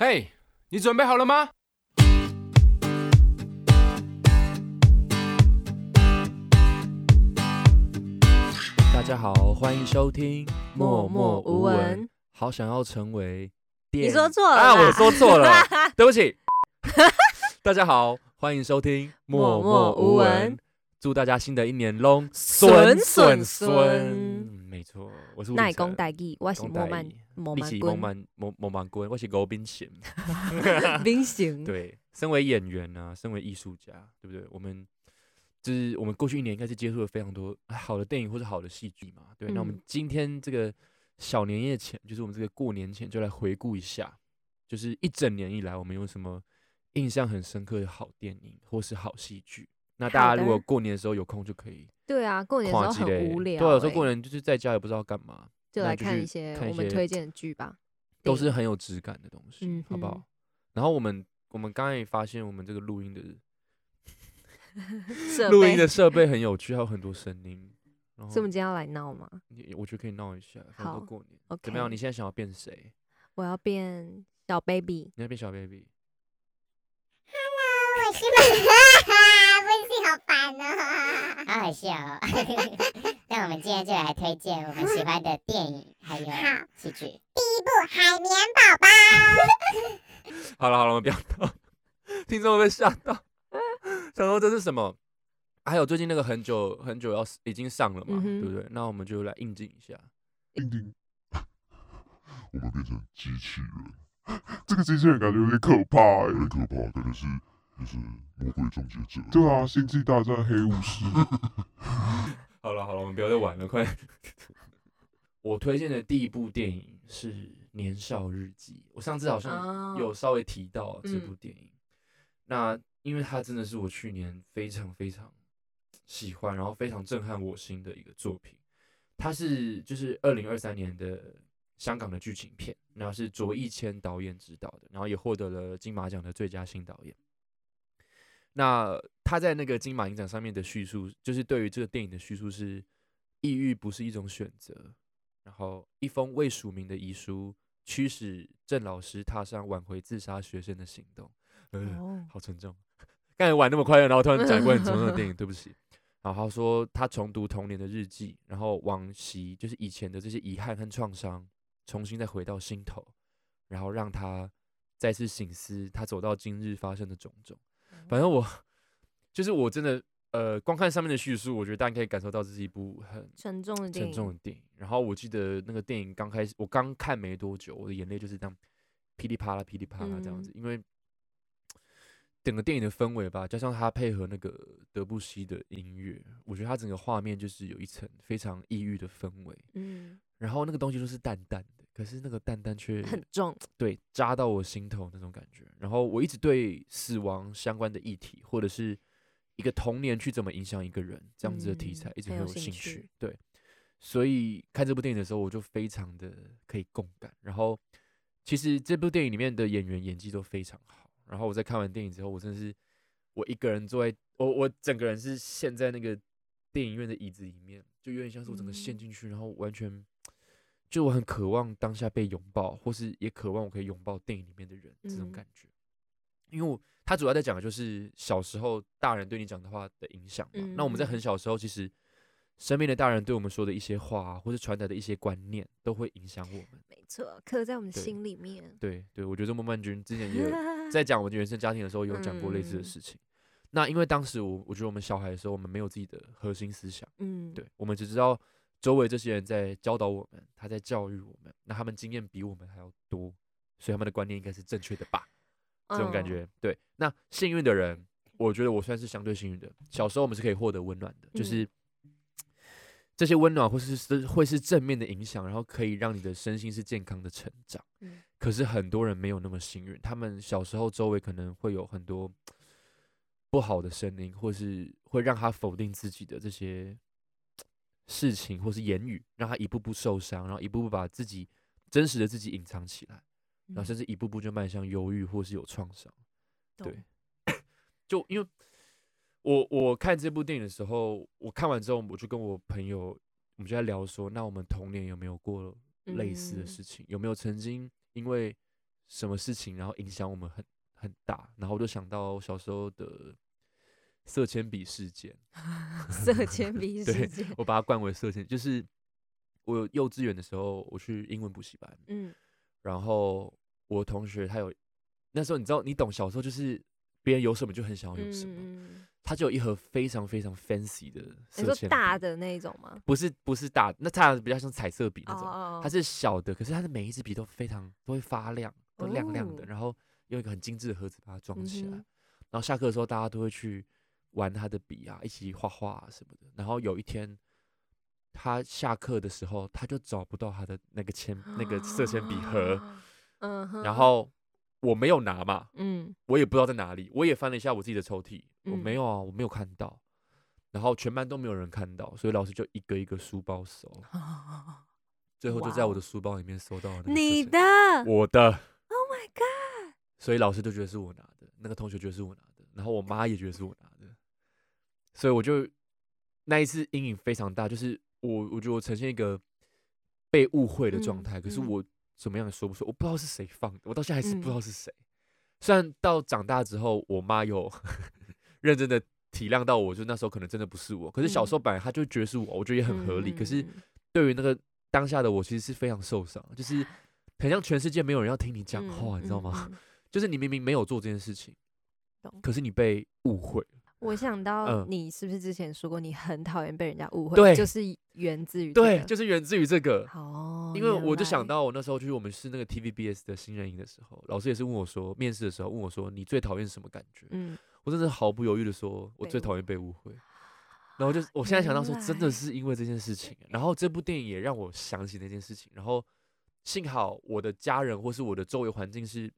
嘿，hey, 你準備好了嗎？大家好，歡迎收聽《默默無聞》無。好想要成為電，你說錯了、啊，我說錯了， 對不起。 大家好，歡迎收聽《默默無聞》無。祝大家新的一年龍筍筍筍。沒錯，我是秉宸，我是曼君。比起《曼君曼曼君》，我是《高秉宸》。秉宸對，身為演員啊，身為藝術家，對不對？我們就是我們過去一年應該是接觸了非常多好的電影或是好的戲劇嘛，對。嗯、那我們今天這個小年夜前，就是我們這個過年前，就來回顧一下，就是一整年以來我們有什麼印象很深刻的好電影或是好戲劇。那大家如果過年的時候有空就可以對的。對啊，過年、欸、對、啊，有時候過年就是在家也不知道幹嘛。就來看一些我們推薦的劇吧，都是很有質感的東西，好不好？然後我們我們剛才也發現，我們這個錄音的錄音的設備很有趣，還有很多聲音。所以我們今天要來鬧嗎？我覺得可以鬧一下，好過年。怎麼樣？你現在想要變誰？我要變小 baby。你要變小 baby？Hello，我喜歡，微信好煩哦，好好笑。那我們今天就來推薦我們喜歡的電影，哦、還有喜劇，劇。好第一部《海綿寶寶》 好。好了好了，我們不要動，聽眾會被嚇到，嗯。想說這是什麼？還有最近那個很久很久要已經上了嘛？嗯、哼對不對？那我們就來應景一下。應景叮， 我們變成機器人。 這個機器人感覺有點可怕，有點可怕，可能是就是《魔鬼終結者》。對啊，《星際大戰》《黑武士。》 好了好了，我們不要再玩了，快！ 我推薦的第一部電影是《年少日記》，我上次好像有稍微提到這部電影。Oh. 那因為它真的是我去年非常非常喜歡，然後非常震撼我心的一個作品。它是就是二零二三年的香港的劇情片，然後是卓亦謙導演執導的，然後也獲得了金馬獎的最佳新導演。那他在那個金馬影展上面的敘述，就是對於這個電影的敘述是：抑鬱不是一種選擇。然後一封未署名的遺書，驅使鄭老師踏上挽回自殺學生的行動。嗯、哦呃，好沉重！剛 才玩那麼快樂，然後突然轉過來沉重的電影， 對不起。然後他說他重讀童年的日記，然後往昔就是以前的這些遺憾和創傷，重新再回到心頭，然後讓他再次省思他走到今日發生的種種。反正我就是我真的，呃，光看上面的敘述，我覺得大家可以感受到這是一部很沉重的電影，沉重的電影。然後我記得那個電影剛開始，我剛看沒多久，我的眼淚就是這樣噼里啪啦、噼里啪啦這樣子，嗯，因為整個電影的氛圍吧，加上他配合那個德布西的音樂，我覺得他整個畫面就是有一層非常抑鬱的氛圍。嗯，然後那個東西就是淡淡。可是那個蛋蛋卻很重，對，扎到我心頭那種感覺。然後我一直對死亡相關的議題，或者是一個童年去怎麼影響一個人這樣子的題材、嗯、一直很有興趣,興趣。對，所以看這部電影的時候，我就非常的可以共感。然後其實這部電影裡面的演員演技都非常好。然後我在看完電影之後，我真的是我一個人坐在，我我整個人是陷在那個電影院的椅子裡面，就有點像是我整個陷進去，嗯、然後完全。就我很渴望當下被擁抱，或是也渴望我可以擁抱電影裡面的人這種感覺，嗯、因為我他主要在講的就是小時候大人對你講的話的影響嘛。嗯、那我們在很小時候，其實身邊的大人對我們說的一些話，啊，或是傳達的一些觀念，都會影響我們。沒錯，刻在我們心裡面。對對，對，我覺得孟曼君之前也在講我們原生家庭的時候，有講過類似的事情。嗯、那因為當時我我覺得我們小孩的時候，我們沒有自己的核心思想。嗯，對，我們只知道。周圍這些人在教導我們，他在教育我們。那他們經驗比我們還要多，所以他們的觀念應該是正確的吧？這種感覺，oh. 對。那幸運的人，我覺得我算是相對幸運的。小時候我們是可以獲得溫暖的，就是這些溫暖或是會是正面的影響，然後可以讓你的身心是健康的成長。可是很多人沒有那麼幸運，他們小時候周圍可能會有很多不好的聲音，或是會讓他否定自己的這些。事情或是言語，讓他一步步受傷，然後一步步把自己真實的自己隱藏起來，嗯、然後甚至一步步就邁向憂鬱或是有創傷。懂對， 就因為我我看這部電影的時候，我看完之後，我就跟我朋友，我們就在聊說，那我們童年有沒有過類似的事情？嗯、有沒有曾經因為什麼事情，然後影響我們很很大？然後我就想到我小時候的。色鉛筆事件， 色鉛筆事件 對，我把它冠為色鉛，就是我幼稚園的時候，我去英文補習班，嗯，然後我同學他有，那時候你知道你懂，小時候就是別人有什麼就很想要有什麼，嗯嗯，他就有一盒非常非常 fancy 的色鉛，色、欸、說大的那一種嗎？不是，不是大，那它比較像彩色筆那種，它、哦哦哦、是小的，可是它的每一支筆都非常都會發亮，都亮亮的，哦、然後用一個很精致的盒子把它裝起來，嗯、哼然後下課的時候大家都會去。玩他的筆啊，一起畫畫、啊、什麼的。然後有一天，他下課的時候，他就找不到他的那個鉛、那個色鉛筆盒。嗯、哦。然後我沒有拿嘛。嗯。我也不知道在哪裡，我也翻了一下我自己的抽屜，嗯、我沒有啊，我沒有看到。然後全班都沒有人看到，所以老師就一個一個書包搜，最後就在我的書包裡面搜到了。哇。你的？我的。Oh my god！所以老師就覺得是我拿的，那個同學覺得是我拿的，然後我媽也覺得是我拿的。所以我就那一次陰影非常大，就是我我覺得我呈現一個被誤會的狀態，嗯、可是我怎麼樣也說不出，我不知道是誰放的，我到現在還是不知道是誰。嗯、雖然到長大之後，我媽又 認真的體諒到我，就那時候可能真的不是我，可是小時候本來她就覺得是我，我覺得也很合理。嗯、可是對於那個當下的我，其實是非常受傷，就是好像全世界沒有人要聽你講話，嗯、你知道嗎？嗯、就是你明明沒有做這件事情，懂可是你被誤會了。我想到你是不是之前說過你很討厭被人家誤會？對，就是源自於對，就是源自於這個、oh, 因為我就想到我那時候就是我們是那個 TVBS 的新人營的時候，老師也是問我說，面試的時候問我說你最討厭什麼感覺？嗯，我真的毫不猶豫的說我最討厭被誤會。啊、然後就我現在想到說真的是因為這件事情，原來。然後這部電影也讓我想起那件事情。然後幸好我的家人或是我的周圍環境是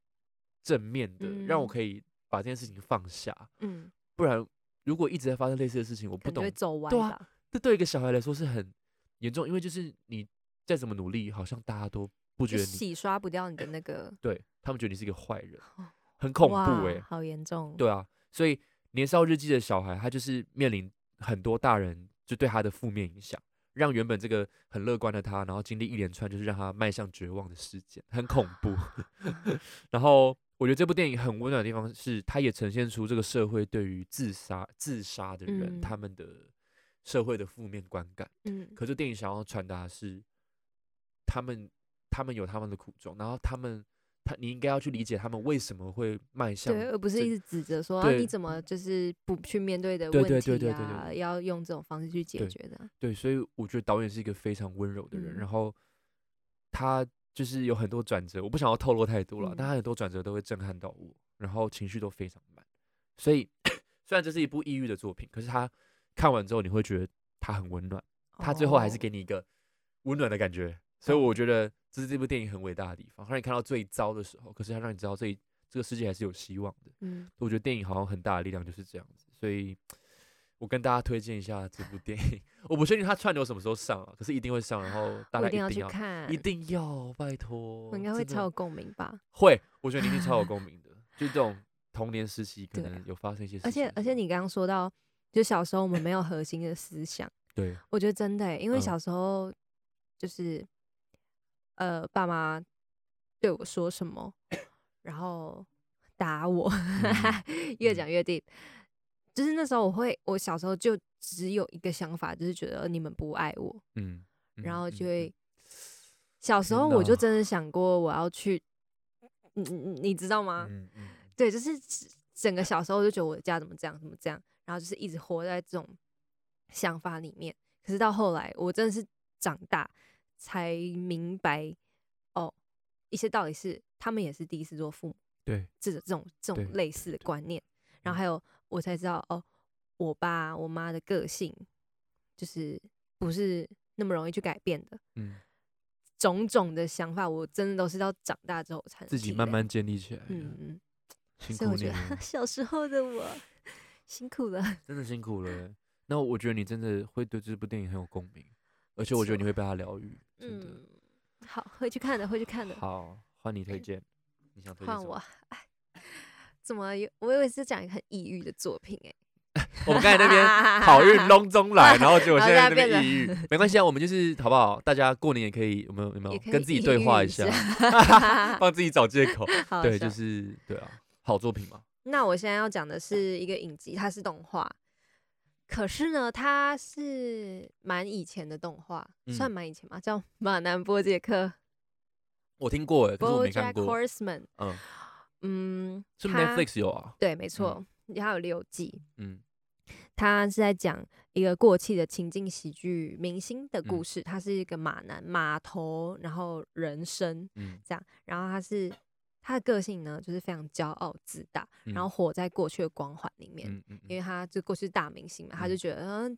正面的，嗯、讓我可以把這件事情放下。嗯。不然，如果一直在發生類似的事情，我不懂。走對啊，這對一個小孩來說是很嚴重，因為就是你再怎麼努力，好像大家都不覺得你洗刷不掉你的那個。哎、對他們覺得你是一個壞人，很恐怖哎、欸，好嚴重。對啊，所以年少日記的小孩，他就是面臨很多大人就對他的負面影響，讓原本這個很樂觀的他，然後經歷一連串就是讓他邁向絕望的事件，很恐怖。 然後。我覺得這部電影很溫暖的地方是，它也呈現出這個社會對於自殺、自殺的人、嗯、他們的社會的負面觀感。嗯、可是電影想要傳達的是，他們他們有他們的苦衷，然後他們他你應該要去理解他們為什麼會邁向，對，而不是一直指責說對、啊，你怎麼就是不去面對的問題啊，要用這種方式去解決的、啊對。對，所以我覺得導演是一個非常溫柔的人，嗯、然後他。就是有很多轉折，我不想要透露太多了。嗯、但他很多轉折都會震撼到我，然後情緒都非常滿。所以，雖然這是一部抑鬱的作品，可是他看完之後，你會覺得他很溫暖，他最後還是給你一個溫暖的感覺。哦、所以，我覺得這是這部電影很偉大的地方。他、嗯、讓你看到最糟的時候，可是他讓你知道這這個世界還是有希望的。嗯，我覺得電影好像很大的力量就是這樣子。所以。我跟大家推薦一下這部電影，我不確定他串流什麼時候上，啊，可是一定會上。然後大家一定要，我一定要去看，一定要，拜託，我應該會超有共鳴吧？會，我覺得一定超有共鳴的。 就這種童年時期可能有發生一些事情，啊而，而且而且你剛剛說到，就小時候我們沒有核心的思想。 對，我覺得真的，欸，因為小時候就是，嗯、呃，爸媽對我說什麼， 然後打我， 越講越定。嗯就是那時候，我會，我小時候就只有一個想法，就是覺得你們不愛我，嗯嗯嗯、然後就會，小時候我就真的想過我要去，你到、嗯、你知道嗎？嗯嗯、對，就是整個小時候就覺得我的家怎麼這樣，怎麼這樣，然後就是一直活在這種想法裡面。可是到後來，我真的是長大才明白，哦，一些道理是他們也是第一次做父母，對，這種這種這種類似的觀念，然後還有。我才知道哦，我爸我媽的個性就是不是那麼容易去改變的。嗯，種種的想法，我真的都是到長大之後才自己慢慢建立起來。嗯嗯，辛苦你了。小時候的我 辛苦了，真的辛苦了欸。那我覺得你真的會對這部電影很有共鳴，而且我覺得你會被他療癒。真的嗯，好，會去看的，會去看的。好，換你推薦，你想推薦什麼？怎麼有？我以為是講一個很抑鬱的作品哎、欸。 我們剛才那邊好運龍總來， 然後結果現在那邊抑鬱， 沒關係啊，我們就是好不好？大家過年也可以，有沒有有沒有可跟自己對話一下，幫 自己找借口？ 像對，就是對啊，好作品嘛。那我現在要講的是一個影集，它是動畫，可是呢，它是蠻以前的動畫，嗯、算蠻以前嗎？叫《馬男波傑克》，我聽過哎、欸，可是我沒看過。Bojack Horseman。嗯。嗯，是，是 Netflix 有啊？對，沒錯，也、嗯、有六季。嗯，他是在講一個過氣的情境喜劇明星的故事。嗯、他是一個馬男，馬頭，然後人生、嗯、這樣。然後他是他的個性呢，就是非常驕傲自大，嗯、然後活在過去的光環裡面。嗯嗯、因為他就過去是大明星嘛，嗯、他就覺得嗯、呃，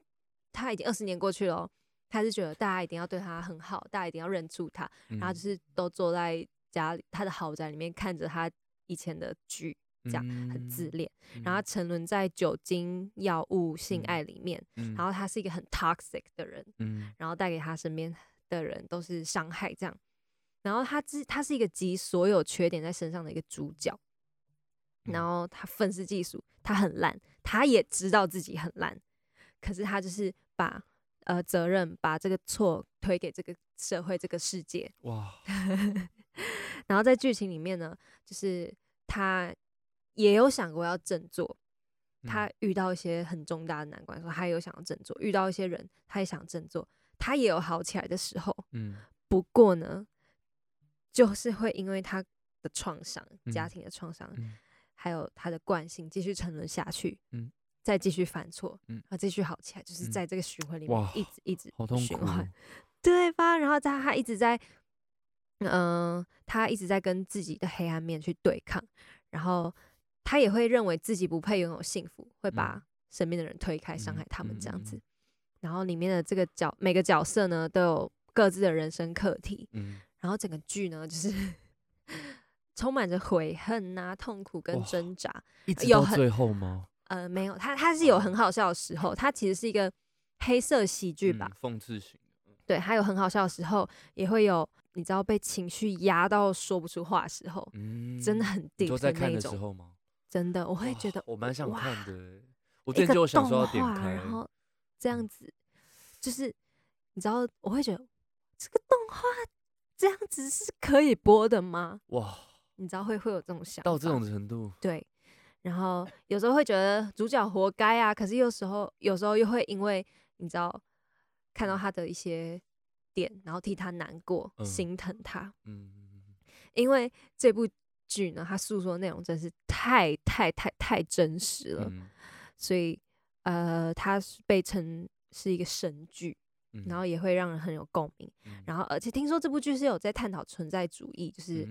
他已經二十年過去了，他就覺得大家一定要對他很好，大家一定要認出他，嗯、然後就是都坐在家裡他的豪宅裡面看着他。以前的劇，這樣、嗯、很自戀，然後沉淪在酒精、藥物、性愛裡面，嗯嗯、然後他是一個很 toxic 的人，嗯、然後帶給他身邊的人都是傷害，這樣，然後他之他是一個集所有缺點在身上的一個主角，然後他憤世嫉俗，他很爛，他也知道自己很爛，可是他就是把呃責任把這個錯推給這個社會這個世界，哇， 然後在劇情裡面呢，就是。他也有想過要振作，他遇到一些很重大的難關，說他也有想要振作，遇到一些人他也想振作，他也有好起來的時候，嗯，不過呢，就是會因為他的創傷、家庭的創傷，嗯、還有他的慣性繼續沉淪下去，嗯，再繼續犯錯，嗯，然後繼續好起來，就是在這個循環裡面一直一直循環，對吧？然後他他一直在。嗯、呃，他一直在跟自己的黑暗面去對抗，然後他也會認為自己不配擁有幸福，會把身邊的人推開，傷、嗯、害他們這樣子。嗯嗯、然後裡面的這個角每個角色呢都有各自的人生課題，嗯，然後整個劇呢就是 充滿着悔恨啊、痛苦跟掙扎，一直到最後嗎？有很、呃，沒有，他他是有很好笑的時候，他其實是一個黑色喜劇吧，嗯、諷刺型對，還有很好笑的時候，也會有你知道被情緒壓到說不出話的時候，嗯、真的很頂的那一種。在看的時候嗎？真的，我會覺得我蠻想看的。哇我最近就想說要點開，然後這樣子，就是你知道，我會覺得這個動畫這樣子是可以播的嗎？哇，你知道會會有這種想法到這種程度？對，然後有時候會覺得主角活該啊，可是有時候有時候又會因為你知道。看到他的一些點，然後替他難過、嗯、心疼他。嗯、因為這部劇呢，他訴說的內容真的是太太太太真實了，嗯、所以呃，他是被稱是一個神劇，嗯、然後也會讓人很有共鳴。嗯、然後，而且聽說這部劇是有在探討存在主義，就是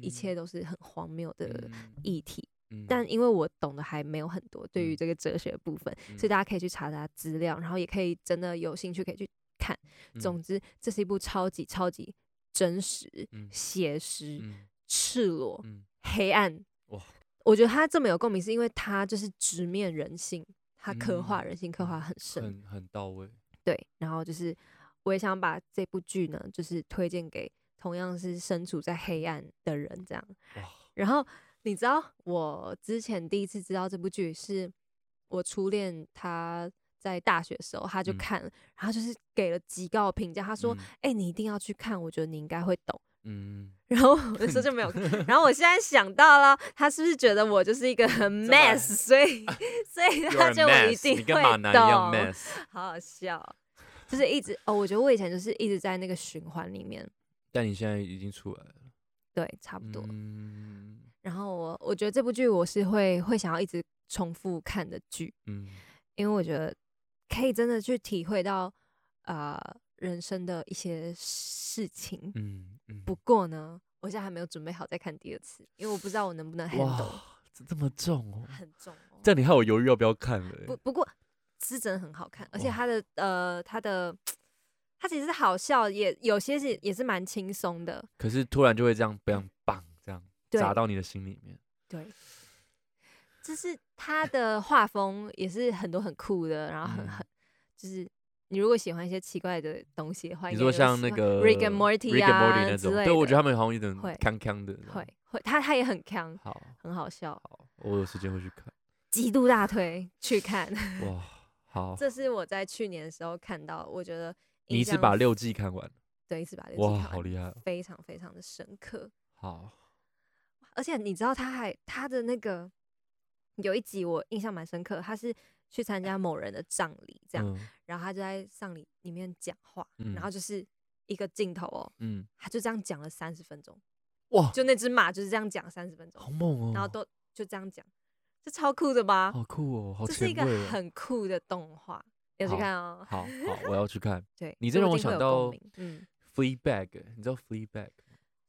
一切都是很荒謬的議題。嗯嗯。但因為我懂得還沒有很多，對於這個哲學的部分，所以、嗯、大家可以去查查資料，然後也可以真的有興趣可以去看。嗯、總之，這是一部超級超級真實、寫、嗯、實、嗯、赤裸、嗯、黑暗。哇我覺得它這麼有共鳴，是因為它就是直面人性，它刻畫人性刻畫很深、嗯、很，很到位。對，然後就是我也想把這部劇呢，就是推薦給同樣是身處在黑暗的人，這樣。哇然後。你知道我之前第一次知道這部劇是我初戀，他在大學的時候他就看了，嗯、然後就是給了極高的評價，他說：“哎、嗯欸，你一定要去看，我覺得你應該會懂。”嗯，然後那時候就沒有看。 然後我現在想到了，他是不是覺得我就是一個很 mess，所以、啊、所以他就我一定會懂，要好好笑。就是一直哦，我覺得我以前就是一直在那個循環裡面，但你現在已經出來了。對，差不多。嗯、然後我我覺得這部劇我是會會想要一直重複看的劇，嗯、因為我覺得可以真的去體會到啊、呃，人生的一些事情，嗯，嗯不過呢，我現在還沒有準備好再看第二次，因為我不知道我能不能很這，這麼重哦，嗯、很重、哦。這樣你害我猶豫要不要看了、欸。不不過，是真的很好看，而且它的哇呃它的。他其實是好笑，也有些是也是蠻輕鬆的。可是突然就會這樣，非常棒，這樣砸到你的心裡面。對，就是他的畫風也是很多很酷的，然後很很就是你如果喜歡一些奇怪的東西，或者說像那個 Rick and Morty 啊那種，對，我覺得他們好像有點康康的，會會他他也很康，好，很好笑。我有時間會去看，極度大推去看。哇，好，這是我在去年的時候看到，我覺得。你一次把六季看完，對，一次把六季看完，哇，好厲害，非常非常的深刻。好，而且你知道他還他的那個有一集我印象蠻深刻，他是去參加某人的葬禮，這樣，欸嗯、然後他就在葬禮裡面講話，嗯、然後就是一個鏡頭哦，嗯，他就這樣講了三十分鐘，哇，就那只馬就是這樣講三十分鐘，好猛哦，然後都就這樣講，這超酷的吧？好酷哦，好酷，這是一個很酷的動畫。要去看哦，好，好，我要去看。對，你這讓我想到，嗯，Fleabag，你知道 Fleabag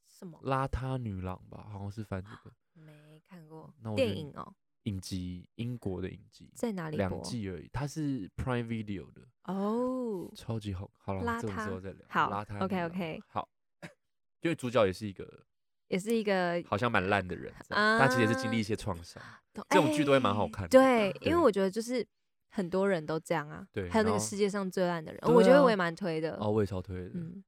什麼？邋遢女郎吧，好像是翻這個，沒看過。那電影哦，影集，英國的影集，在哪裡？兩季而已，它是 Prime Video 的哦，超級好看。拉，之後再聊。好，拉，OK OK。好，因為主角也是一個，也是一個好像蠻爛的人啊，他其實也是經歷一些創傷，這種劇都會蠻好看的。對，因為我覺得就是。很多人都這樣啊，對，還有那個世界上最爛的人，啊 oh, 我覺得我也蠻推的，哦，oh, 我也超推的，嗯、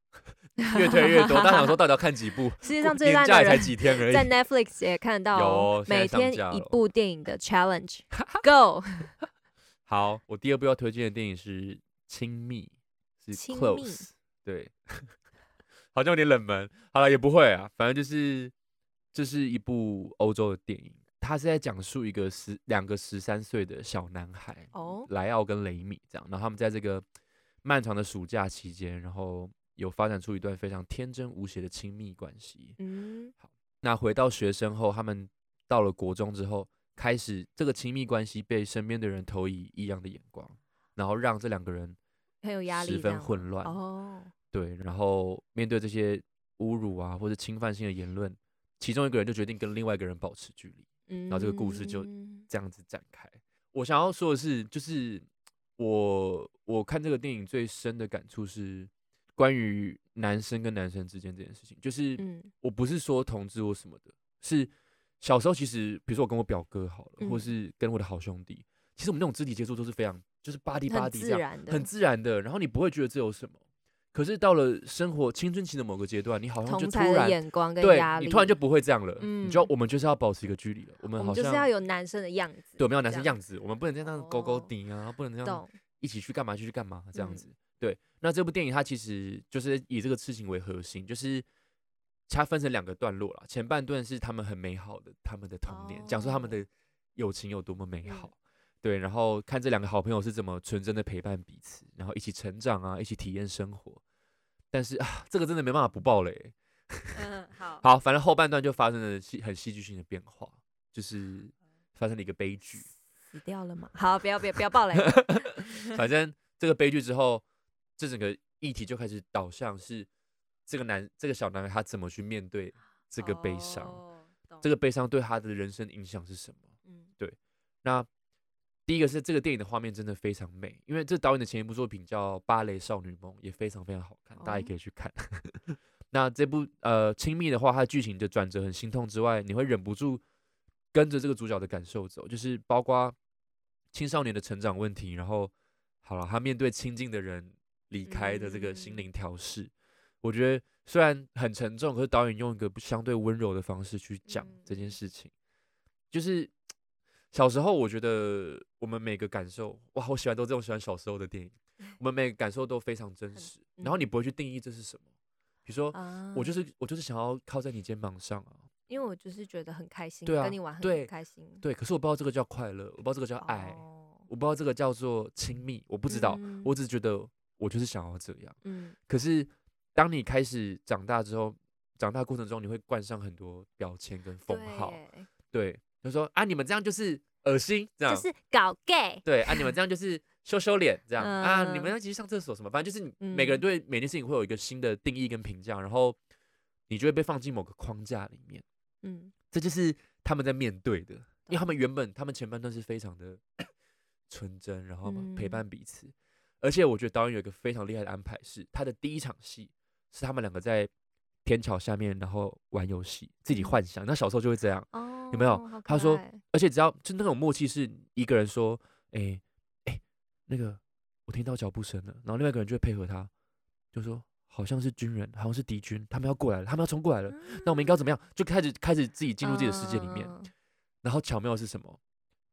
越推越多，大家想說到底要看幾部？ 世界上最爛的人 才幾天而已， 在 Netflix 也看得到，哦，有，哦，每天一部電影的 Challenge，Go 。好，我第二部要推薦的電影是《親密》，是 Close，親密，對， 好像有點冷門，好了，也不會啊，反正就是這、就是一部歐洲的電影。他是在講述一個十兩個十三歲的小男孩，oh. 萊奧跟雷米這樣，然後他們在這個漫長的暑假期間，然後有發展出一段非常天真無邪的親密關係。嗯，mm. 好，那回到學生後，他們到了國中之後，開始這個親密關係被身邊的人投以異樣的眼光，然後讓這兩個人十分混亂。很有壓力這樣。哦，oh. 對，然後面對這些侮辱啊，或者侵犯性的言論，其中一個人就決定跟另外一個人保持距離。然後這個故事就這樣子展開。我想要說的是，就是我我看這個電影最深的感觸是，關於男生跟男生之間這件事情。就是，我不是說同志或什麼的，是小時候其實，比如說我跟我表哥好了，或是跟我的好兄弟，其實我們那種肢體接觸都是非常，就是 buddy buddy 這樣，很自然的。然後你不會覺得這有什麼。可是到了生活青春期的某個階段，你好像就突然，同儕的眼光跟壓力，對，你突然就不會這樣了，嗯、你就我們就是要保持一個距離了。我們，好像我們就是要有男生的樣子，對，我們要男生樣子，我們不能這樣勾勾搭啊，哦、不能這樣一起去幹嘛，去懂去幹嘛這樣子。嗯、對，那這部電影它其實就是以這個事情為核心，就是它分成兩個段落了。前半段是他們很美好的他們的童年，哦、講述他們的友情有多麼美好。嗯對，然後看這兩個好朋友是怎麼純真的陪伴彼此，然後一起成長啊，一起體驗生活。但是啊，這個真的沒辦法不暴雷。嗯，好。好，反正後半段就發生了很戲劇性的變化，就是發生了一個悲劇，死掉了嗎？好，不要，別不要暴雷。 反正這個悲劇之後，這整個議題就開始導向是這個男，這個小男孩他怎麼去面對這個悲傷，哦、這個悲傷對他的人生影響是什麼？嗯，對。那。第一個是這個電影的畫面真的非常美，因為這導演的前一部作品叫《芭蕾少女夢》也非常非常好看，大家也可以去看。哦、 那這部呃，親密的話，它劇情的轉折很心痛之外，你會忍不住跟着這個主角的感受走，就是包括青少年的成長問題，然後好了，他面對親近的人離開的這個心靈調適，嗯嗯，我覺得雖然很沉重，可是導演用一個相對溫柔的方式去講這件事情，嗯、就是。小時候，我覺得我們每個感受哇，我喜歡都這種喜歡小時候的電影，我們每個感受都非常真實。嗯、然後你不會去定義這是什麼，比如說、嗯、我就是我就是想要靠在你肩膀上啊，因為我就是覺得很開心，啊、跟你玩很，對很開心。對，可是我不知道這個叫快樂，我不知道這個叫愛，哦、我不知道這個叫做親密，我不知道，嗯、我只覺得我就是想要這樣。嗯、可是當你開始長大之後，長大過程中你會冠上很多標籤跟封號，對。對就說啊，你們這樣就是噁心，這樣就是搞 gay，對啊，你們這樣就是羞羞臉， 這樣啊，你們要一起上廁所什麼，反正就是每個人對每件事情會有一個新的定義跟評價，嗯、然後你就會被放進某個框架裡面，嗯，這就是他們在面對的，嗯、因為他們原本他們前半段是非常的純 真，然後嘛陪伴彼此，嗯、而且我覺得導演有一個非常厲害的安排是，他的第一場戲是他們兩個在天橋下面，然後玩遊戲，自己幻想，嗯、那小時候就會這樣。哦，有沒有？哦、他說，而且只要就那種默契，是一個人說，哎、欸、哎、欸，那個我聽到腳步聲了，然後另外一個人就會配合他，就說好像是軍人，好像是敵軍，他們要過來了，他們要衝過來了，嗯、那我們應該怎麼樣？就開始開始自己進入自己的世界裡面。嗯、然後巧妙是什麼？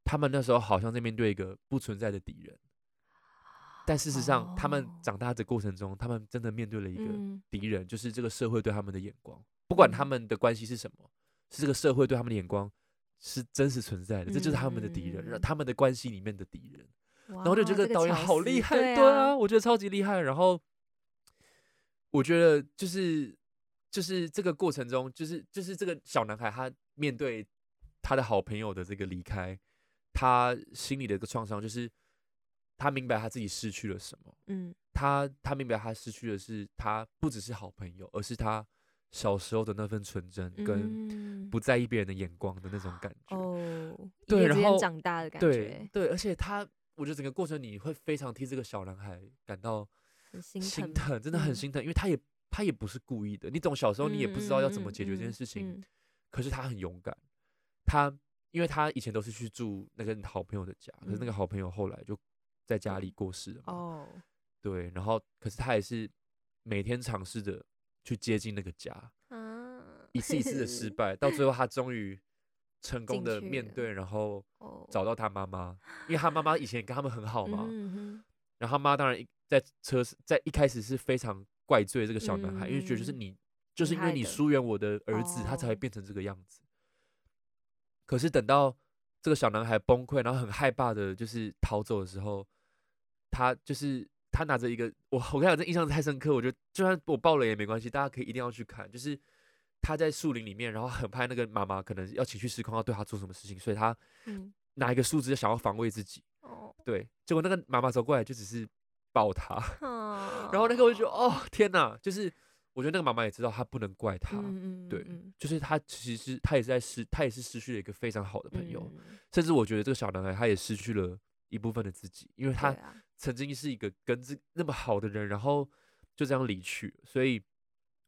他們那時候好像在面對一個不存在的敵人，但事實上，哦、他們長大的過程中，他們真的面對了一個敵人，嗯、就是這個社會對他們的眼光，不管他們的關係是什麼。是這個社會對他們的眼光是真實存在的，嗯、這就是他們的敵人，嗯、他們的關係裡面的敵人。哇然後就覺得導演好厲害，這個巧思，對啊，對啊，我覺得超級厲害。然後我覺得就是就是這個過程中，就是就是這個小男孩他面對他的好朋友的這個離開，他心裡的一個創傷，就是他明白他自己失去了什麼。嗯，他他明白他失去的是他不只是好朋友，而是他。小時候的那份純真，跟不在意別人的眼光的那種感覺，嗯、對，然後長大的感覺對對，對，而且他，我覺得整個過程你會非常替這個小男孩感到心疼，心疼真的很心疼，嗯、因為他也他也不是故意的，你懂，小時候你也不知道要怎麼解決這件事情，嗯嗯嗯嗯、可是他很勇敢，他因為他以前都是去住那個好朋友的家，嗯、可是那個好朋友後來就在家裡過世了嘛、嗯，哦，對，然後可是他也是每天嘗試着。去接近那個家，一次一次的失敗， 到最後他終於成功的面對，然後找到他媽媽，哦、因為他媽媽以前跟他們很好嘛。嗯、哼然後他媽當然在車在一開始是非常怪罪這個小男孩，嗯、哼因為覺得就是你，就是因為你疏遠我的兒子，他才會變成這個樣子。哦、可是等到這個小男孩崩潰，然後很害怕的，就是逃走的時候，他就是。他拿着一個我，我跟你講，這印象太深刻，我覺得就算我爆了也沒關係，大家可以一定要去看。就是他在樹林裡面，然後很怕那個媽媽可能要情緒失控，要對他做什麼事情，所以他拿一個樹枝想要防衛自己。嗯、對，結果那個媽媽走過來就只是抱他，哦、然後那個我就覺得哦天哪，就是我覺得那個媽媽也知道他不能怪他，嗯嗯嗯對，就是他其實他也是在失，他也是失去了一個非常好的朋友，嗯、甚至我覺得這個小男孩他也失去了一部分的自己，因為他。曾經是一個跟自那麼好的人，然後就這樣離去，所以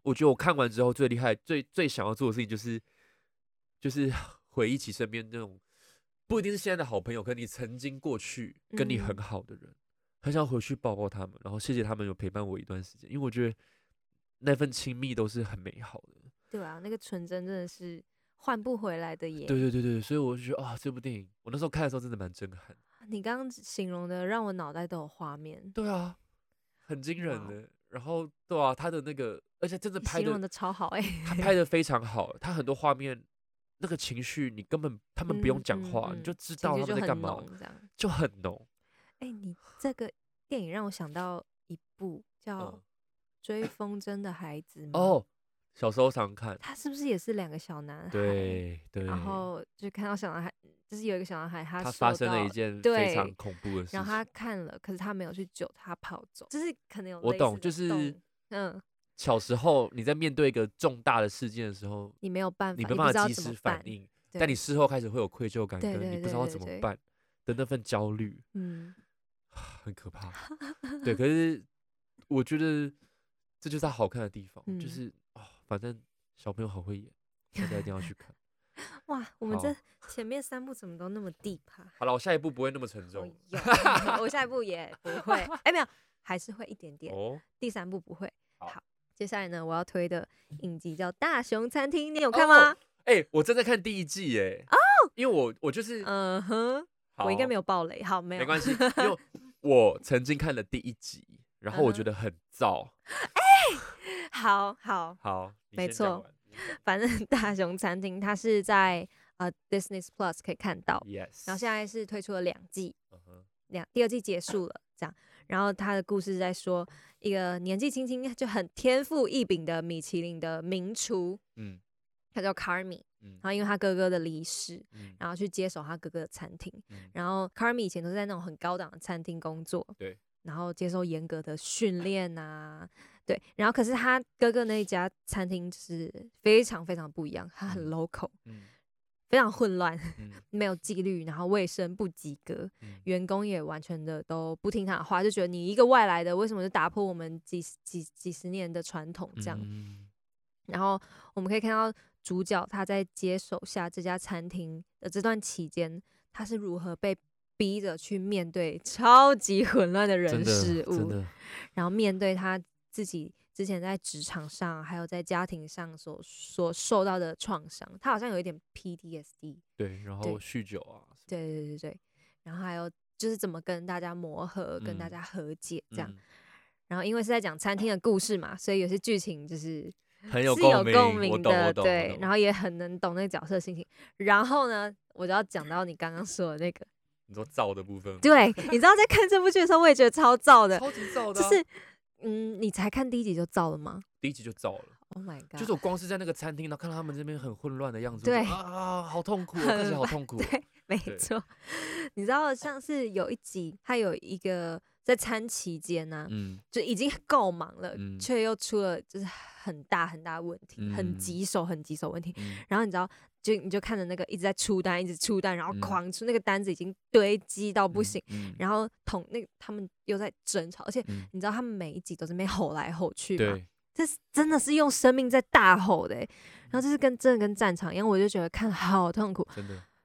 我覺得我看完之後最厲害、最最想要做的事情就是，就是回憶起身邊那種不一定是現在的好朋友，可你曾經過去跟你很好的人，嗯、很想回去抱抱他們，然後謝謝他們有陪伴我一段時間，因為我覺得那份親密都是很美好的。對啊，那個純真真的是換不回來的耶。對對對對，所以我就覺得啊、哦，這部電影我那時候看的時候真的蠻震撼。你剛剛形容的讓我腦袋都有畫面，對啊，很驚人的、欸，哇然後對啊，他的那個，而且真的拍的你形容得超好哎、欸，他拍的非常好，他很多畫面那個情緒，你根本他們不用講話，嗯、你就知道他們在幹嘛，就很濃。哎、欸，你這個電影讓我想到一部叫《追風箏的孩子嗎、嗯》哦。小時候常看，他是不是也是兩個小男孩？對，然後就看到小男孩，就是有一個小男孩，他他發生了一件非常恐怖的事情。然後他看了，可是他沒有去救，他跑走，就是可能有。我懂，就是嗯，小時候你在面對一個重大的事件的時候，你沒有辦法，你沒辦法及時反應，但你事後開始會有愧疚感，跟你不知道怎麼辦的那份焦慮，嗯，很可怕。對，可是我覺得這就是他好看的地方，就是。反正小朋友好會演，大家一定要去看。哇，我們這前面三部怎麼都那麼地趴？好了，我下一部不會那麼沉重。我下一部也不會，哎，沒有，還是會一點點。哦，第三部不會。好，接下來呢，我要推的影集叫《大熊餐廳》，你有看嗎？哎，我正在看第一季耶。因為我我就是，嗯哼，我應該沒有爆雷。好，沒有，沒關係。因為我曾經看了第一集，然後我覺得很燥。好好好，沒錯，反正大熊餐廳它是在呃 Disney Plus 可以看到，Yes，然後現在是推出了兩季，兩第二季結束了，這樣，然後他的故事在說一個年紀輕輕就很天賦異稟的米其林的名廚，嗯，他叫 Carmy，然後因為他哥哥的離世，然後去接手他哥哥的餐廳，然後 Carmy 以前都是在那種很高檔的餐廳工作，對，然後接受嚴格的訓練啊。對，然後可是他哥哥那一家餐廳就是非常非常不一樣，他很 local，、嗯、非常混亂，嗯、沒有紀律，然後衛生不及格，嗯、員工也完全的都不聽他的話，就覺得你一個外來的，為什麼就打破我們幾幾幾，幾十年的傳統這樣？嗯、然後我們可以看到主角他在接手下這家餐廳的這段期間，他是如何被逼着去面對超級混亂的人事物，然後面對他。自己之前在職場上，還有在家庭上所所受到的創傷，他好像有一點 PTSD。對，然後酗酒啊。對對，對對對對，然後還有就是怎麼跟大家磨合，嗯、跟大家和解這樣。嗯、然後因為是在講餐廳的故事嘛，所以有些劇情就是很有共鳴，是有共鳴的。我懂，我懂。對，我懂，然後也很能懂那個角色心情。然後呢，我就要講到你剛剛說的那個，你說燥的部分嗎？對，你知道在看這部劇的時候，我也覺得超燥的，超級燥的，啊，就是。嗯，你才看第一集就躁了嗎？第一集就躁了，Oh my God！就是我光是在那個餐廳，然後看到他們這邊很混亂的樣子，對啊，啊，啊，啊，啊，好痛苦， 看起來好痛苦。 對，沒錯，對你知道像是有一集，它有一個。在餐期間呢、啊，嗯、就已經夠忙了，卻、嗯、又出了就是很大很大問題，嗯、很棘手很棘手問題。嗯、然後你知道，就你就看着那個一直在出單，一直出單，然後狂出、嗯、那個單子已經堆積到不行。嗯嗯、然後同那個、他們又在爭吵，嗯、而且你知道他們每一集都是被吼來吼去嘛，對這是真的是用生命在大吼的、欸。然後就是跟真的跟戰場一樣，我就覺得看好痛苦。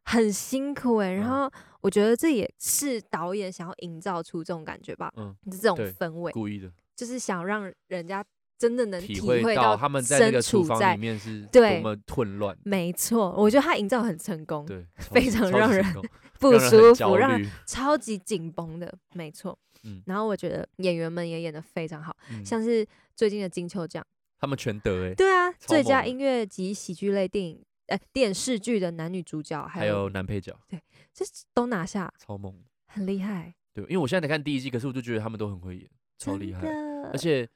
很辛苦哎、欸，然後我覺得這也是導演想要營造出這種感覺吧，嗯，是這種氛圍故意的，就是想讓人家真的能體會到，身處體會到他們在那個廚房裡面是多麼混亂。沒錯，我覺得他營造很成功，對，非常讓人，讓人 不舒服，讓人超級緊繃的，沒錯。嗯，然後我覺得演員們也演得非常好，嗯、像是最近的金球獎，他們全得哎、欸，對啊，最佳音樂及喜劇類電影。哎，電視劇的男女主角還有男配角，對，這都拿下，超猛，很厲害。對，因為我現在在看第一季，可是我就覺得他們都很會演，超厲害。而且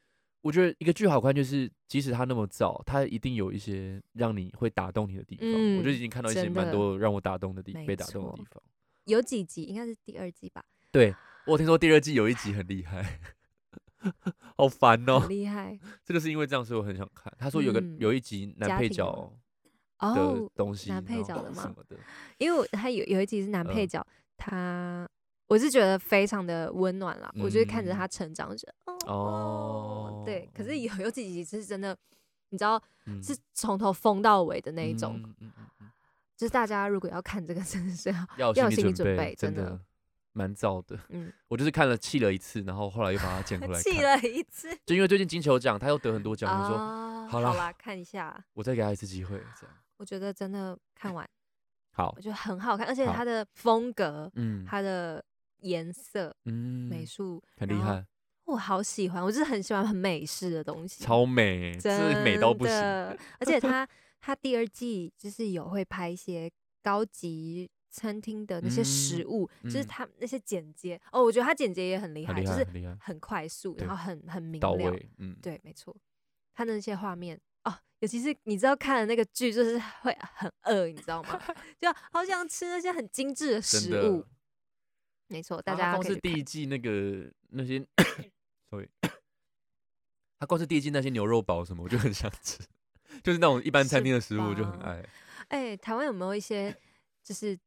我覺得一個劇好看，就是即使它那麼早，它一定有一些讓你會打動你的地方。我就已經看到一些蠻多讓我打動的地方，被打動的地方。有幾集應該是第二季吧？對，我聽說第二季有一集很厲害，好煩哦，厲害。這個是因為這樣，所以我很想看。他說有個有一集男配角。哦，男配角的嘛，因為他有有一集是男配角，他我是覺得非常的溫暖啦，我就是看着他成長着，哦，對，可是有有幾集是真的，你知道是從頭瘋到尾的那一種，就是大家如果要看這個真的是要要有心理準備，真的蠻燥的，嗯，我就是看了氣了一次，然後後來又把它撿回來，氣了一次，就因為最近金球獎他又得很多獎，我說好啦，看一下，我再給他一次機會，我覺得真的看完，好，我覺得很好看，而且它的風格，嗯，它的顏色，嗯，美術很厲害，我好喜歡，我就是很喜歡很美式的東西，超美，真的美到不行。而且他他第二季就是有會拍一些高級餐廳的那些食物，就是他那些剪接哦，我覺得他剪接也很厲害，就是很快速，然後很很明亮，嗯，對，沒錯，他那些畫面。尤其是你知道看了那個劇，就是會很餓，你知道嗎？ 就好想吃那些很精緻的食物。的沒錯，大家、啊、光是第一季那個那些，sorry，他光是第一季那些牛肉堡什麼，我就很想吃， 就是那種一般餐廳的食物，我就很愛。哎、欸，台灣有沒有一些就是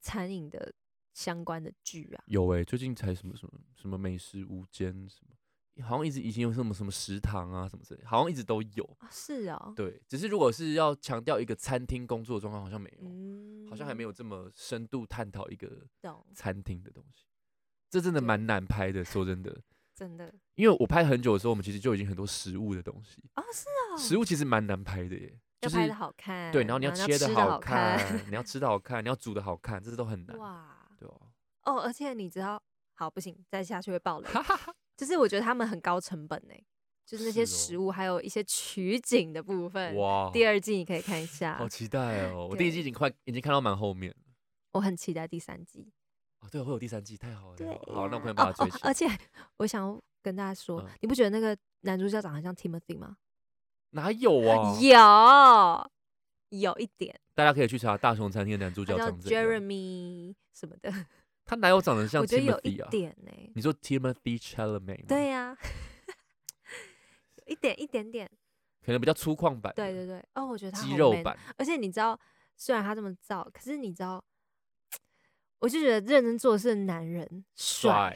餐飲的相關的劇啊？ 有哎、欸，最近才什麼什麼什麼美食無間什麼。好像一直以前有什麼什麼食堂啊什麼之類，好像一直都有。是啊。對，只是如果是要強調一個餐廳工作的狀況，好像沒有，好像還沒有這麼深度探討一個餐廳的東西。懂。這真的蠻難拍的，說真的。真的。因為我拍很久的時候，我們其實就已經很多食物的東西。哦，是啊。食物其實蠻難拍的耶，就是好看。對，然後你要切的好看，你要吃的好看，你要煮的好看，這些都很難。哇。對哦。而且你知道，好，不行，再下去會爆雷。就是我覺得他們很高成本呢、欸，就是那些食物，還有一些取景的部分。哦、哇，第二季你可以看一下，好期待哦！對我第一季已經快已經看到蠻後面了，我很期待第三季。啊、哦，對、哦，會有第三季，太好了！對啊，好，那我快點把馬上追、哦哦。而且我想要跟大家說，嗯、你不覺得那個男主角長得很像 Timothy 嗎？哪有啊？有有一點，大家可以去查大熊餐廳的男主角叫 Jeremy 什麼的。他哪有長得像 Timothy 啊？我覺得有一點。你說 Timothy Chalamet？嗎？對呀，一點一點點，可能比較粗獷版。對對對，哦，我覺得他肌肉版。而且你知道，雖然他這麼造，可是你知道，我就覺得認真做的是男人帥。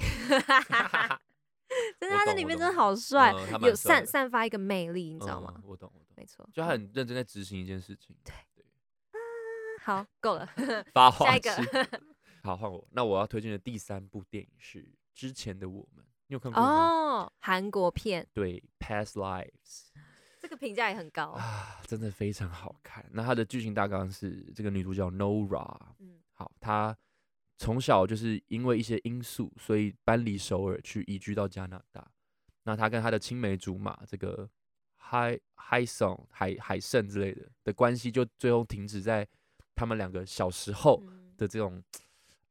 真的，他在裡面真的好帥，有散散發一個魅力，你知道嗎？我懂，我懂，沒錯，就他很認真在執行一件事情。對對，好，夠了，下一個。好，換我。那我要推薦的第三部電影是《之前的我們》，你有看過嗎？哦，韓國片。對，《Past Lives》這個評價也很高、哦、啊，真的非常好看。那它的劇情大綱是：這個女主角 Nora，嗯，好，她從小就是因為一些因素，所以搬離首爾去移居到加拿大。那她跟她的青梅竹馬這個海海勝海海勝之類的的關係，就最後停止在他們兩個小時候的這種、嗯。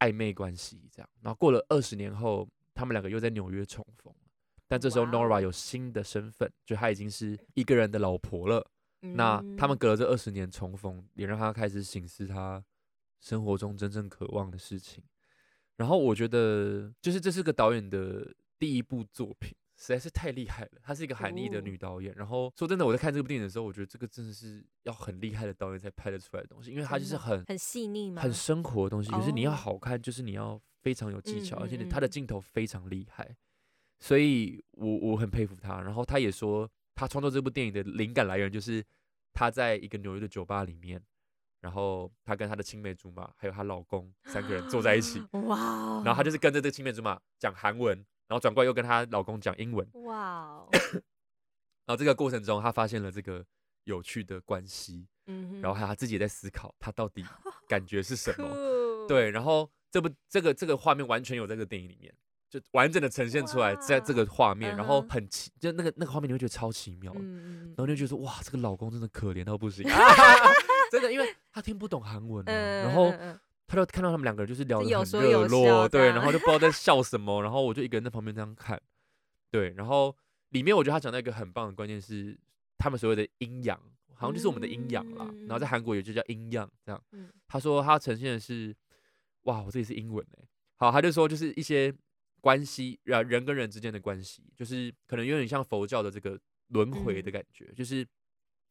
曖昧關係這樣，然後過了二十年後，他們兩個又在紐約重逢。但這時候 Nora 有新的身份，Wow. 就她已經是一個人的老婆了。那他們隔了這二十年重逢，mm hmm. 也讓她開始省思她生活中真正渴望的事情。然後我覺得，就是這是個導演的第一部作品。實在是太厲害了，她是一個韓裔的女導演。哦、然後說真的，我在看這部電影的時候，我覺得這個真的是要很厲害的導演才拍得出來的東西，因為她就是很很細膩嘛，很生活的東西。可是、哦、你要好看，就是你要非常有技巧，嗯嗯嗯嗯，而且她的鏡頭非常厲害，所以我我很佩服她。然後她也說，她創作這部電影的靈感來源就是她在一個紐約的酒吧裡面，然後她跟她的青梅竹馬還有她老公三個人坐在一起，哇，然後她就是跟着這個青梅竹馬講韓文。然後轉過來又跟她老公講英文，哇！Wow. 然後這個過程中，她發現了這個有趣的關係，mm hmm. 然後還有她自己也在思考，她到底感覺是什麼？Oh, cool. 對，然後這部這個這個畫面完全有在這個電影裡面，就完整的呈現出來，在這個畫面，Wow. 然後很奇，uh huh. 就那個那個畫面你會覺得超奇妙，mm hmm. 然後你就覺得哇，這個老公真的可憐到不行， 真的，因為他聽不懂韓文啊，uh huh. 然後。他就看到他們兩個人就是聊得很熱絡，有有對，然後就不知道在笑什麼， 然後我就一個人在旁邊這樣看，對，然後裡面我覺得他講到一個很棒的關鍵是，他們所謂的陰陽，好像就是我們的陰陽啦，嗯、然後在韓國也就叫陰陽這樣。嗯、他說他呈現的是，哇，我這裡是英文哎、欸，好，他就說就是一些關係，啊，人跟人之間的關係，就是可能有點像佛教的這個輪迴的感覺，嗯、就是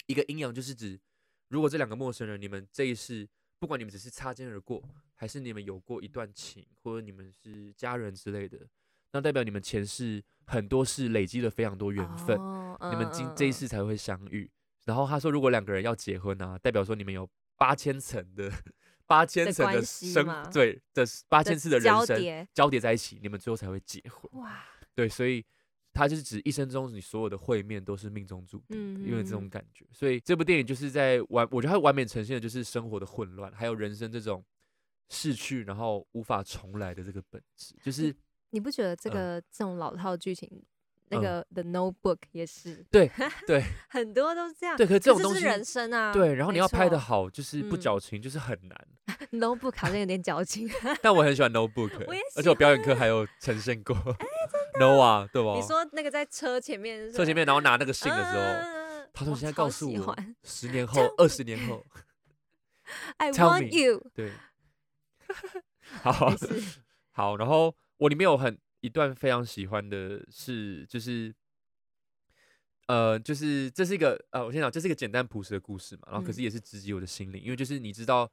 一個陰陽，就是指如果這兩個陌生人，你們這一世。不管你們只是擦肩而過，還是你們有過一段情，或者你們是家人之類的，那代表你們前世很多事累積了非常多緣分，哦、你們今、嗯、這一世才會相遇。嗯、然後他說，如果兩個人要結婚呢、啊，代表說你們有八千層的八千層的生這對的八千次的人生的交疊、交疊在一起，你們最後才會結婚。哇，對，所以。他就是指一生中你所有的會面都是命中注定，因為這種感覺，所以這部電影就是在完，我覺得它完美呈現的就是生活的混亂，還有人生這種逝去然後無法重來的這個本質。就是你不覺得這個這種老套劇情，那個《The Notebook》也是，對對，很多都是這樣。對，可是這種東西是人生啊，對，然後你要拍得好，就是不矯情，就是很難。Notebook 好像有點矯情，但我很喜歡 Notebook，我也，而且我表演課還有呈現過。no 啊，對，你說那個在車前面，車前面，然後拿那個信的時候，他說：“你現在告訴我，十年後，二十年後。” I want you。對，好，好。然後我裡面有很一段非常喜歡的，是就是呃，就是這是一個呃，我先講，這是一個簡單樸實的故事嘛。然後可是也是直擊我的心靈，因為就是你知道，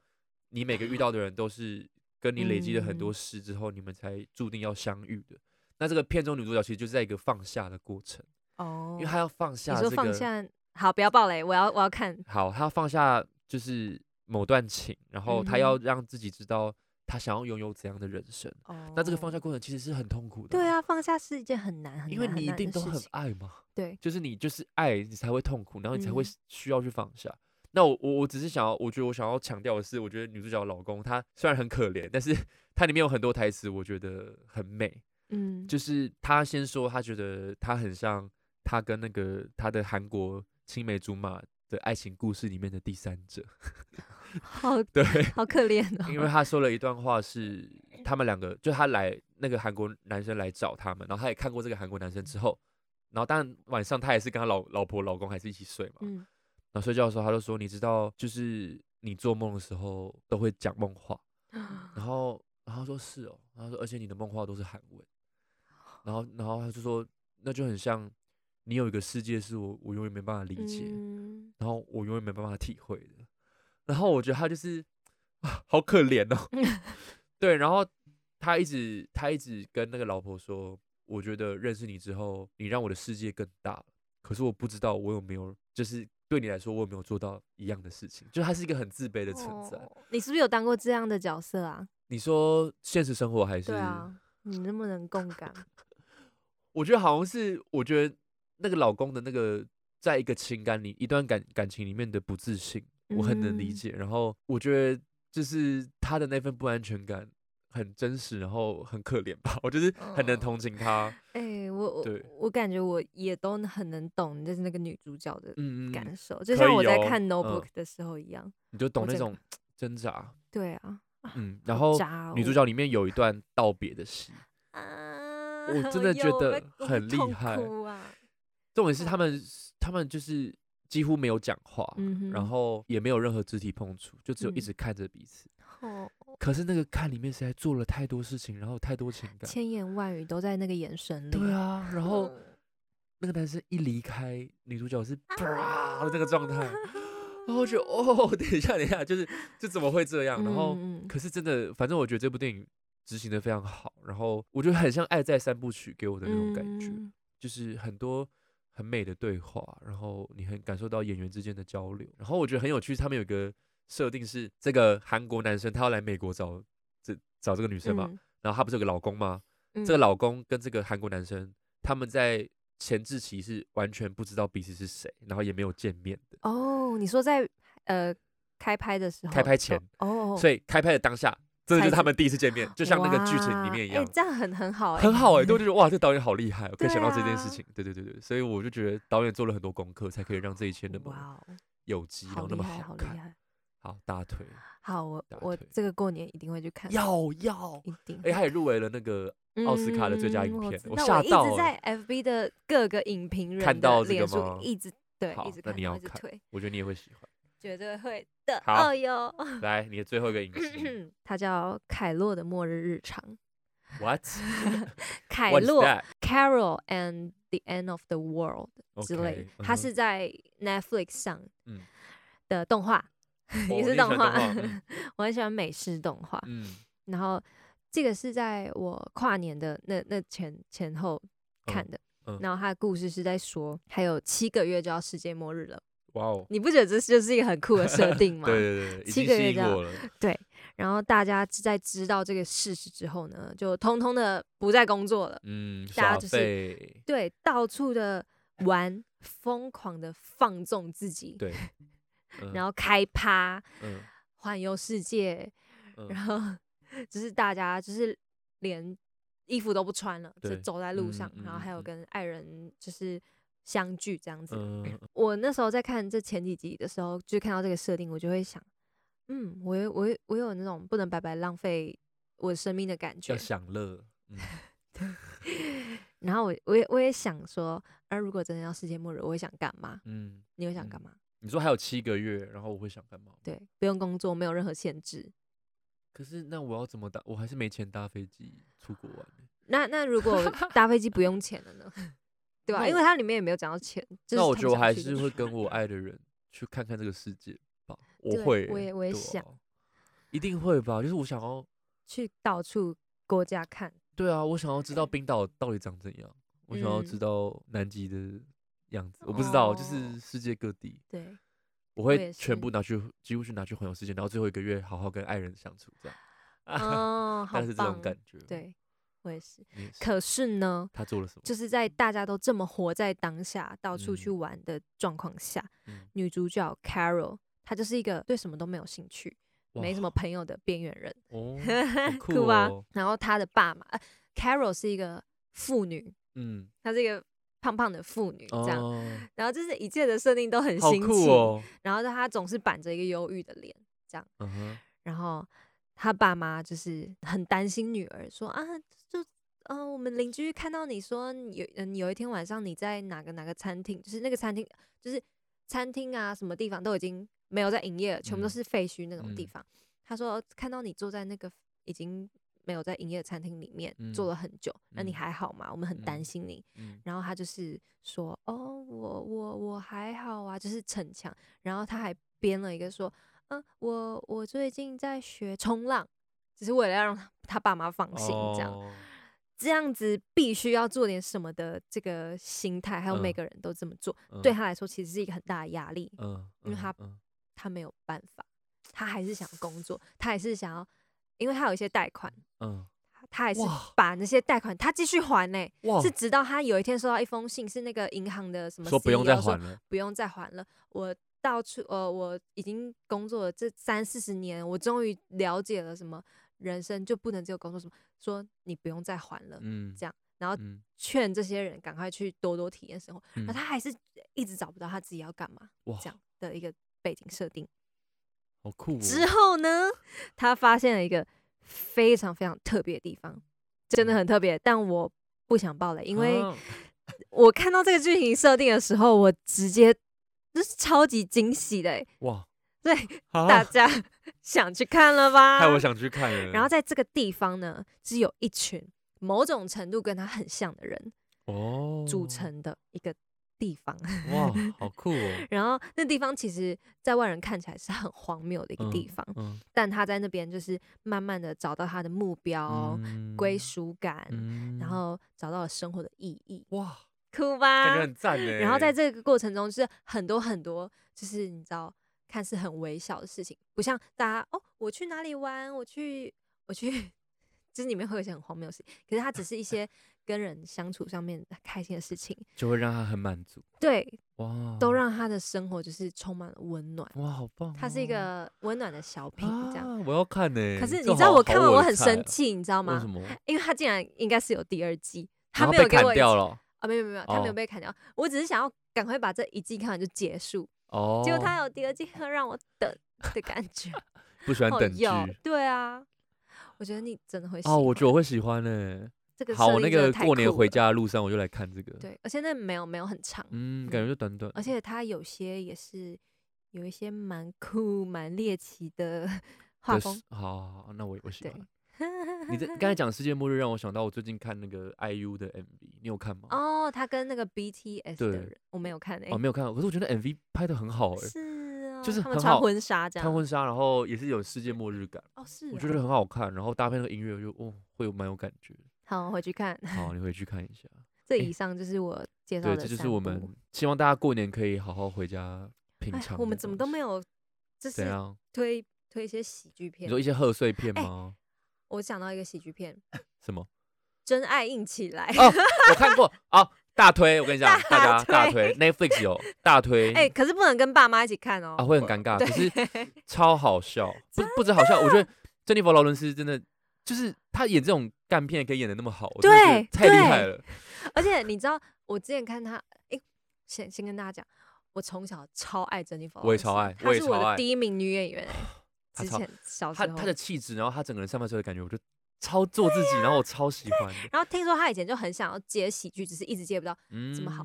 你每個遇到的人都是跟你累積了很多事之後，你們才注定要相遇的。那這個片中女主角其實就是在一個放下的過程哦，oh, 因為她要放下這個。你說放下好，不要暴雷，我要我要看好。她要放下就是某段情，然後她要讓自己知道她想要擁有怎樣的人生。Mm hmm. 那這個放下過程其實是很痛苦的。對啊，放下是一件很難很難，因為你一定都很愛嘛，對，就是你就是愛你才會痛苦，然後你才會需要去放下。Mm hmm. 那我我我只是想要，我覺得我想要強調的是，我覺得女主角的老公他雖然很可憐，但是他裡面有很多台詞，我覺得很美。嗯，就是他先說，他覺得他很像他跟那個他的韓國青梅竹馬的愛情故事裡面的第三者好，好 對，好可憐哦。因為他說了一段話是，他們兩個就他來那個韓國男生來找他們，然後他也看過這個韓國男生之後，然後但晚上他也是跟他老老婆老公還是一起睡嘛，然後睡覺的時候他就說，你知道就是你做夢的時候都會講夢話，然後然後他說是哦、喔，然後說而且你的夢話都是韓文。然後，然後他就說，那就很像你有一個世界是我我永遠沒辦法理解，嗯、然後我永遠沒辦法體會的。然後我覺得他就是好可憐哦。 對，然後他一直他一直跟那個老婆說，我覺得認識你之後，你讓我的世界更大了。可是我不知道我有沒有，就是對你來說，我有沒有做到一樣的事情？就他是一個很自卑的存在。哦、你是不是有當過這樣的角色啊？你說現實生活還是？對啊、你那麼能共感。 我覺得好像是，我覺得那個老公的那個，在一個情感裡，一段感感情裡面的不自信，我很能理解。然後我覺得就是他的那份不安全感很真實，然後很可憐吧。我就是很能同情他、哦。哎、欸，我我對，我感覺我也都很能懂，就是那個女主角的感受，嗯哦、就像我在看 Notebook、嗯、的時候一樣。你就懂那種掙扎、這個。對啊，嗯，然後女主角裡面有一段道別的戲。 啊我真的覺得很厲害。重點是他們，他們就是幾乎沒有講話，然後也沒有任何肢體碰觸，就只有一直看着彼此。可是那個看裡面，實在做了太多事情，然後太多情感，千言萬語都在那個眼神裡。對啊。然後那個男生一離開，女主角是啪的那個狀態，然後就哦，等一下，等一下，就是就怎麼會這樣？然後可是真的，反正我覺得這部電影。執行的非常好，然後我覺得很像《愛在三部曲》給我的那種感覺，嗯、就是很多很美的對話，然後你很感受到演員之間的交流。然後我覺得很有趣，他們有一個設定是，這個韓國男生他要來美國找這找這個女生嘛，嗯、然後他不是有個老公嗎？嗯、這個老公跟這個韓國男生他們在前置期是完全不知道彼此是誰，然後也沒有見面的。哦，你說在呃開拍的時候？開拍前哦，所以開拍的當下。這就是他們第一次見面，就像那個劇情裡面一樣。這樣很很好，很好哎，對，我就覺得哇，這導演好厲害，可以想到這件事情。對對對對，所以我就覺得導演做了很多功課，才可以讓這一切那麼有機，然後那麼好看。好，大腿。好，我我這個過年一定會去看，要要一定。哎，他也入圍了那個奧斯卡的最佳影片，我嚇到了。我一直在 FB 的各個影評人看到這個嗎？一直對，一直看，一直推。那你要看，我覺得你也會喜歡。絕對會的哦喲！來，你的最後一個影集，它叫《凱洛的末日日常》。What？凱洛，Carol and the End of the World 之類。它是在 Netflix 上的動畫，也是動畫。我很喜歡美式動畫。嗯。然後這個是在我跨年的那那前前後看的。然後他的故事是在說，還有七個月就要世界末日了。哦！你不覺得這就是一個很酷的設定嗎？對對對，七個月這樣。對，然後大家在知道這個事實之後呢，就通通的不再工作了。嗯，大家就是對到處的玩，瘋狂的放縱自己。對，然後開趴，環遊世界，然後就是大家就是連衣服都不穿了，就走在路上，然後還有跟愛人就是。相聚這樣子，嗯、我那時候在看這前幾集的時候，就看到這個設定，我就會想，嗯，我也我也我也有那種不能白白浪費我生命的感覺，要享樂。嗯、 然後我我也我也想說，而、啊、如果真的要世界末日，我會想幹嘛？嗯，你會想幹嘛、嗯？你說還有七個月，然後我會想幹嘛？對，不用工作，沒有任何限制。可是那我要怎麼搭？我還是沒錢搭飛機出國玩。 那那如果搭飛機不用錢了呢？ 對吧？因為它裡面也沒有講到錢。那我覺得我還是會跟我愛的人去看看這個世界吧。我會，我也我也想，一定會吧。就是我想要去到處國家看。對啊，我想要知道冰島到底長怎樣。我想要知道南極的樣子。我不知道，就是世界各地。對，我會全部拿去，幾乎去拿去環遊世界，然後最後一個月好好跟愛人相處，這樣。哦，但是這種感覺對。可是呢，他做了什麼？就是在大家都這麼活在當下、到處去玩的狀況下，女主角 Carol 她就是一個對什麼都沒有興趣、沒什麼朋友的邊緣人，酷吧，然後她的爸媽，Carol 是一個婦女，嗯，她是一個胖胖的婦女這樣，然後就是一切的設定都很新奇，然後她總是板着一個憂鬱的臉這樣，然後。他爸媽就是很擔心女兒說，說啊，就，啊、哦，我們鄰居看到你說有，嗯，有一天晚上你在哪個哪個餐廳，就是那個餐廳，就是餐廳啊，什麼地方都已經沒有在營業了，全部都是廢墟那種地方。嗯嗯、他說看到你坐在那個已經沒有在營業的餐廳裡面、嗯、坐了很久，那你還好嗎？我們很擔心你。嗯嗯、然後他就是說，哦，我我我還好啊，就是逞強。然後他還編了一個說。嗯，我我最近在學衝浪，只是為了要讓他，他爸媽放心，這樣，oh. 這樣子必須要做點什麼的這個心態，還有每個人都這麼做，uh. 對他來說其實是一個很大的壓力。嗯，uh. 因為他，uh. 他沒有辦法，他還是想工作，他也是想要，因為他有一些貸款，嗯，uh. 他也是把那些貸款他繼續還呢，欸，Wow. 是直到他有一天收到一封信，是那個銀行的什麼說，說不用再還了，不用再還了，我。到處呃，我已經工作了這三四十年，我終於了解了什麼人生就不能只有工作什麼，說你不用再還了，嗯，這樣，然後勸這些人趕快去多多體驗生活，嗯、然後他還是一直找不到他自己要幹嘛，哇、嗯，這樣的一個背景設定，好酷、哦。之後呢，他發現了一個非常非常特別的地方，真的很特別，但我不想暴雷，因為我看到這個劇情設定的時候，我直接。就是超級驚喜的、欸、哇！對、啊、大家想去看了吧？太，我想去看了。然後在這個地方呢，只有一群某種程度跟他很像的人、哦、組成的一個地方哇，好酷哦！ 然後那地方其實在外人看起來是很荒謬的一個地方，嗯嗯、但他在那邊就是慢慢的找到他的目標、歸屬、嗯、感，嗯、然後找到了生活的意義哇。哭吧，感覺很讚呢、欸。然後在這個過程中，就是很多很多，就是你知道，看似很微小的事情，不像大家哦，我去哪裡玩？我去，我去，就是裡面會有一些很荒謬的事情。可是它只是一些跟人相處上面開心的事情， 就會讓他很滿足。對，哇，都讓他的生活就是充滿了溫暖。哇，好棒、哦！他是一個溫暖的小品，這樣、啊、我要看呢、欸。可是好你知道，我看完我很生氣，啊、你知道嗎？為什麼？因為他竟然應該是有第二季，他沒有給我，然後被砍掉了。沒有，沒有沒有，他沒有被砍掉。Oh. 我只是想要趕快把這一季看完就結束。哦，oh. 結果他有第二季，還讓我等的感覺。 不喜歡等劇。Oh, 有，對啊。我覺得你真的會喜歡。哦，oh, 我覺得我會喜歡呢、欸。這個好，我那個過年回家的路上我就來看這個。對，而且那沒有沒有很長，嗯，感覺就短短。而且他有些也是有一些蠻酷蠻獵奇的畫風。就是、好，好，那我我喜歡。你這剛才講世界末日，讓我想到我最近看那個 IU 的 MV，你有看嗎？哦，他跟那個 BTS 的人，我沒有看誒。哦，沒有看，可是我覺得 MV 拍得很好誒。是啊，就是很穿婚紗這樣，穿婚紗，然後也是有世界末日感。哦，是，我覺得很好看，然後搭配那個音樂，我就哦，會有蠻有感覺。好，回去看。好，你回去看一下。這以上就是我介紹的。對，這就是我們希望大家過年可以好好回家品嘗。我們怎麼都沒有，這是推，怎樣？推一些喜劇片，你說一些賀歲片嗎？我想到一個喜劇片，什麼？真愛硬起來哦，我看過啊，大推。我跟你講，大家大推 Netflix 有，大推。哎，可是不能跟爸媽一起看哦，啊會很尷尬。可是超好笑，不不止好笑，我覺得珍妮佛勞倫斯真的就是她演這種干片可以演得那麼好，對，太厲害了。而且你知道，我之前看她，哎，先先跟大家講，我從小超愛珍妮佛，我也超愛，她是我的第一名女演員。之前小時候，他他的氣質，然後他整個人上班的時候的感覺，我就超做自己，然後我超喜歡。然後聽說他以前就很想要接喜劇，只是一直接不到，嗯，怎麼好，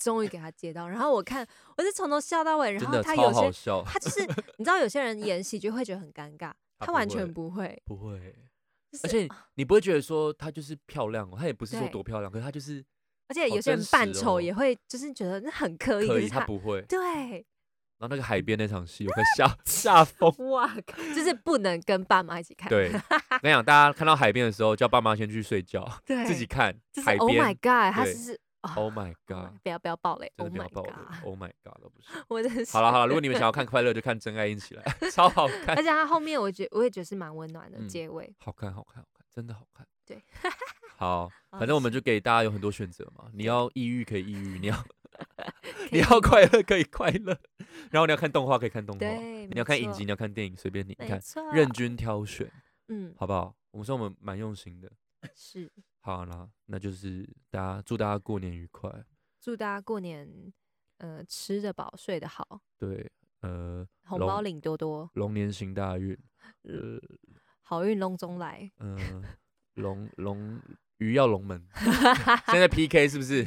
終於給他接到。然後我看，我是從頭笑到尾，然後真的超好笑。他就是，你知道有些人演喜劇會覺得很尷尬，他完全不會，不會。而且你不會覺得說他就是漂亮，他也不是說多漂亮，可是他就是。而且有些人扮醜也會就是覺得那很刻意，他不會，對。然後那個海邊那場戲，有個下下風！哇，就是不能跟爸媽一起看。對，我跟你講，大家看到海邊的時候，叫爸媽先去睡覺，自己看。海邊，Oh my God！對，Oh my God！不要不要暴雷！真的不要暴雷！Oh my God！我真是。好了好了，如果你們想要看快樂，就看《真愛一起來》，超好看。而且它後面我覺我也覺得是蠻溫暖的結尾。好看好看好看，真的好看。對，好，反正我們就給大家有很多選擇嘛。你要抑鬱可以抑鬱，你要。你要快樂可以快樂，然後你要看動畫可以看動畫，你要看影集，你要看電影，隨便你看，任君挑選，嗯，好不好？我們說我們蠻用心的，是。好啦，那就是大家祝大家過年愉快，祝大家過年，呃，吃得飽，睡得好。對，呃，紅包領多多，龍年行大運，呃，好運龍總來，嗯，龍龍魚躍龍門，現在 PK 是不是？